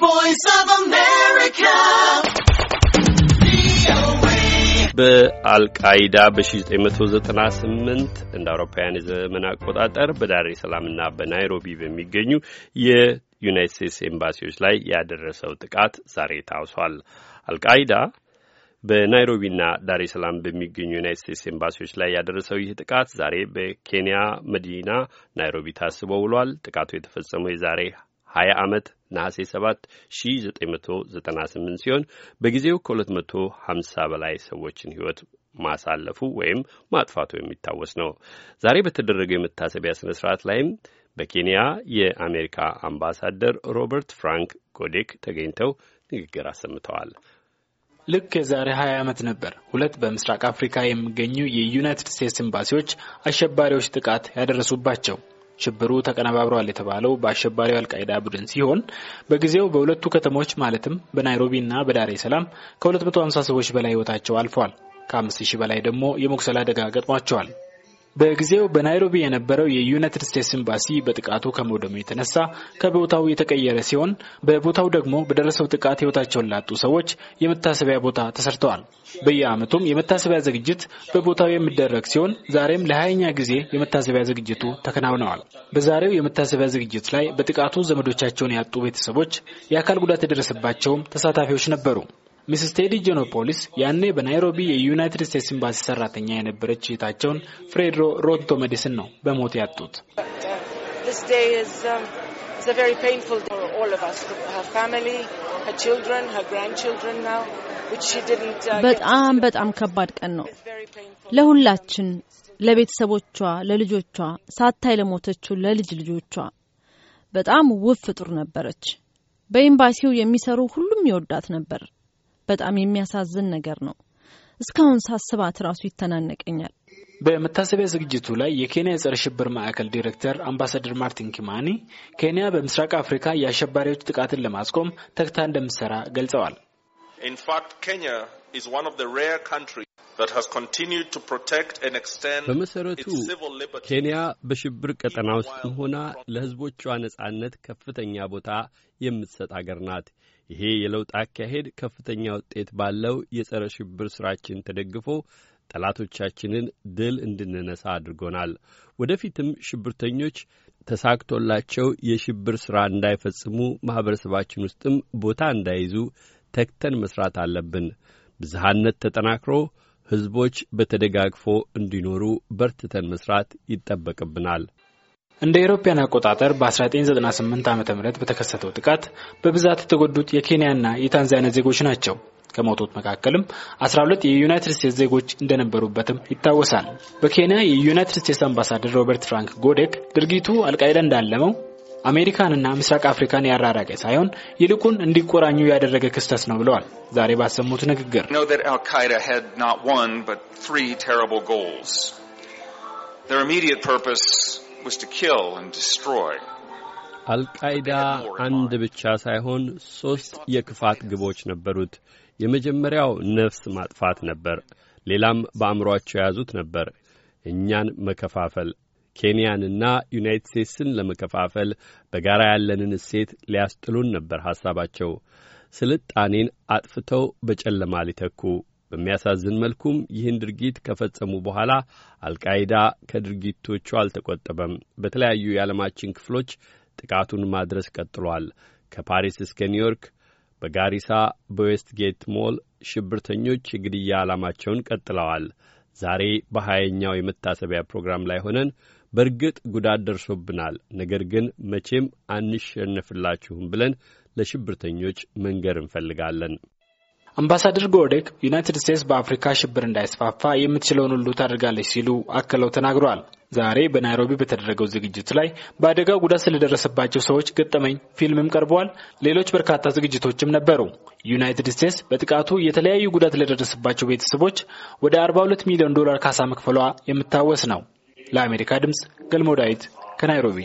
ቮይስ በአልቃይዳ በ1998 እንደ አውሮፓውያን የዘመን አቆጣጠር በዳሬ ሰላምና በናይሮቢ በሚገኙ የዩናይት ስቴትስ ኤምባሲዎች ላይ ያደረሰው ጥቃት ዛሬ ታውሷል። አልቃይዳ በናይሮቢና ዳሬ ሰላም በሚገኙ ዩናይት ስቴትስ ኤምባሲዎች ላይ ያደረሰው ይህ ጥቃት ዛሬ በኬንያ መዲና ናይሮቢ ታስቦ ውሏል። ጥቃቱ የተፈጸመው የዛሬ 20 ዓመት ነሐሴ 7 1998 ሲሆን በጊዜው ከ250 በላይ ሰዎችን ሕይወት ማሳለፉ ወይም ማጥፋቱ የሚታወስ ነው። ዛሬ በተደረገው የመታሰቢያ ስነ ስርዓት ላይም በኬንያ የአሜሪካ አምባሳደር ሮበርት ፍራንክ ጎዴክ ተገኝተው ንግግር አሰምተዋል። ልክ የዛሬ 20 ዓመት ነበር ሁለት በምስራቅ አፍሪካ የሚገኙ የዩናይትድ ስቴትስ ኤምባሲዎች አሸባሪዎች ጥቃት ያደረሱባቸው። ሽብሩ ተቀነባብረዋል የተባለው በአሸባሪው አልቃይዳ ቡድን ሲሆን በጊዜው በሁለቱ ከተሞች ማለትም በናይሮቢ እና በዳሬ ሰላም ከ250 ሰዎች በላይ ህይወታቸው አልፈዋል። ከ5000 በላይ ደግሞ የመቁሰል አደጋ ገጥሟቸዋል። በጊዜው በናይሮቢ የነበረው የዩናይትድ ስቴትስ ኤምባሲ በጥቃቱ ከመውደሙ የተነሳ ከቦታው የተቀየረ ሲሆን በቦታው ደግሞ በደረሰው ጥቃት ሕይወታቸውን ላጡ ሰዎች የመታሰቢያ ቦታ ተሰርተዋል። በየዓመቱም የመታሰቢያ ዝግጅት በቦታው የሚደረግ ሲሆን ዛሬም ለሀያኛ ጊዜ የመታሰቢያ ዝግጅቱ ተከናውነዋል። በዛሬው የመታሰቢያ ዝግጅት ላይ በጥቃቱ ዘመዶቻቸውን ያጡ ቤተሰቦች፣ የአካል ጉዳት የደረሰባቸውም ተሳታፊዎች ነበሩ። ሚስስ ቴዲ ጆኖፖሊስ ያኔ በናይሮቢ የዩናይትድ ስቴትስ ኤምባሲ ሰራተኛ የነበረች እህታቸውን ፍሬድሮ ሮቶ መዲስን ነው በሞት ያጡት። በጣም በጣም ከባድ ቀን ነው ለሁላችን፣ ለቤተሰቦቿ፣ ለልጆቿ፣ ሳታይ ለሞተችው ለልጅ ልጆቿ። በጣም ውብ ፍጡር ነበረች። በኤምባሲው የሚሰሩ ሁሉም ይወዳት ነበር። በጣም የሚያሳዝን ነገር ነው። እስካሁን ሳስባት ራሱ ይተናነቀኛል። በመታሰቢያ ዝግጅቱ ላይ የኬንያ የጸረ ሽብር ማዕከል ዲሬክተር አምባሳደር ማርቲን ኪማኒ ኬንያ በምስራቅ አፍሪካ የአሸባሪዎች ጥቃትን ለማስቆም ተግታ እንደምትሰራ ገልጸዋል። በመሰረቱ ኬንያ በሽብር ቀጠና ውስጥ ሆና ለሕዝቦቿ ነጻነት ከፍተኛ ቦታ የምትሰጥ አገር ናት። ይሄ የለውጥ አካሄድ ከፍተኛ ውጤት ባለው የጸረ ሽብር ስራችን ተደግፎ ጠላቶቻችንን ድል እንድንነሳ አድርጎናል። ወደፊትም ሽብርተኞች ተሳክቶላቸው የሽብር ሥራ እንዳይፈጽሙ ማኅበረሰባችን ውስጥም ቦታ እንዳይዙ ተግተን መስራት አለብን። ብዝሃነት ተጠናክሮ ሕዝቦች በተደጋግፎ እንዲኖሩ በርትተን መስራት ይጠበቅብናል። እንደ አውሮፓውያን አቆጣጠር በ1998 ዓ ም በተከሰተው ጥቃት በብዛት የተጎዱት የኬንያና የታንዛኒያ ዜጎች ናቸው። ከሞቱት መካከልም 12 የዩናይትድ ስቴትስ ዜጎች እንደነበሩበትም ይታወሳል። በኬንያ የዩናይትድ ስቴትስ አምባሳደር ሮበርት ፍራንክ ጎዴክ ድርጊቱ አልቃይዳ እንዳለመው አሜሪካንና ምስራቅ አፍሪካን ያራራቀ ሳይሆን ይልቁን እንዲቆራኙ ያደረገ ክስተት ነው ብለዋል። ዛሬ ባሰሙት ንግግር Their አልቃይዳ አንድ ብቻ ሳይሆን ሦስት የክፋት ግቦች ነበሩት። የመጀመሪያው ነፍስ ማጥፋት ነበር። ሌላም በአእምሮአቸው የያዙት ነበር፣ እኛን መከፋፈል፣ ኬንያንና ዩናይትድ ስቴትስን ለመከፋፈል በጋራ ያለንን እሴት ሊያስጥሉን ነበር ሐሳባቸው። ስልጣኔን አጥፍተው በጨለማ ሊተኩ በሚያሳዝን መልኩም ይህን ድርጊት ከፈጸሙ በኋላ አልቃይዳ ከድርጊቶቹ አልተቆጠበም። በተለያዩ የዓለማችን ክፍሎች ጥቃቱን ማድረስ ቀጥሏል። ከፓሪስ እስከ ኒውዮርክ፣ በጋሪሳ፣ በዌስትጌት ሞል ሽብርተኞች የግድያ ዓላማቸውን ቀጥለዋል። ዛሬ በሀያኛው የመታሰቢያ ፕሮግራም ላይ ሆነን በእርግጥ ጉዳት ደርሶብናል፣ ነገር ግን መቼም አንሸነፍላችሁም ብለን ለሽብርተኞች መንገር እንፈልጋለን። አምባሳደር ጎዴክ ዩናይትድ ስቴትስ በአፍሪካ ሽብር እንዳይስፋፋ የምትችለውን ሁሉ ታደርጋለች ሲሉ አክለው ተናግረዋል። ዛሬ በናይሮቢ በተደረገው ዝግጅት ላይ በአደጋው ጉዳት ስለደረሰባቸው ሰዎች ገጠመኝ ፊልምም ቀርበዋል። ሌሎች በርካታ ዝግጅቶችም ነበሩ። ዩናይትድ ስቴትስ በጥቃቱ የተለያዩ ጉዳት ለደረሰባቸው ቤተሰቦች ወደ 42 ሚሊዮን ዶላር ካሳ መክፈሏ የምታወስ ነው። ለአሜሪካ ድምፅ ገልሞ ዳዊት ከናይሮቢ